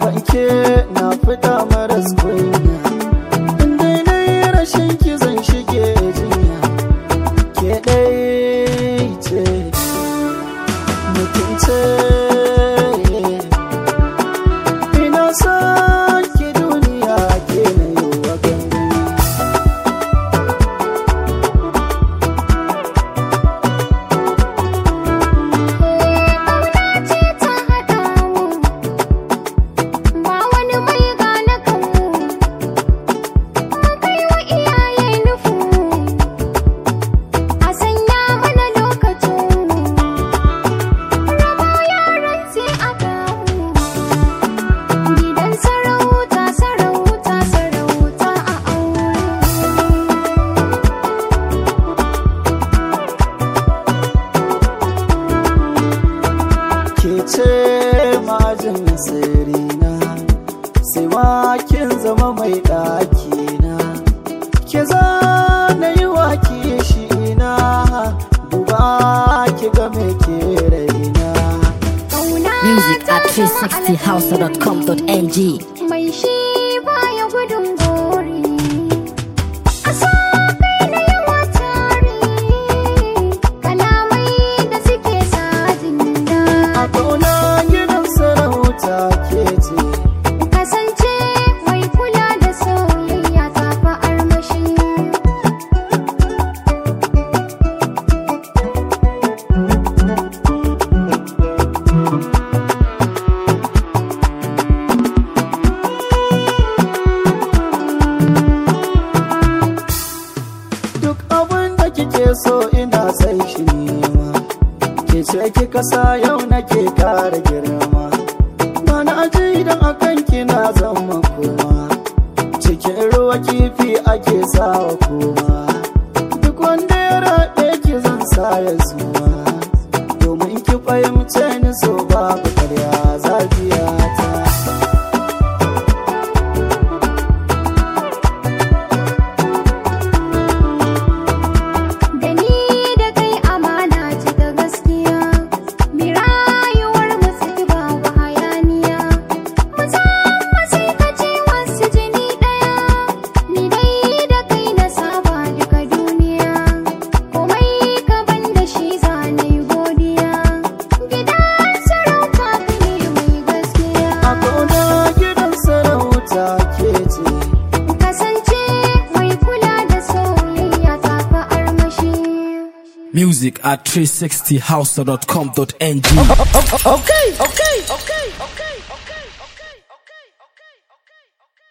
banke na fita maras kunya inda na yi rashin kizan shige jinya ke ɗaya ce mutunce ce majin sirina sai ma kin zama mai ɗaki ke za na yi wa na duba ki ga me ke raina music at 360house.com.ng nake so ina san shi nema ke ce ki kasa yau nake kara girma ba na idan akan kina zama kuma cikin ruwa kifi ake sawa kuma duk wanda ya raɗe ki zan sa ya zuwa music at 360house.com.ng. Okay, okay, okay, okay.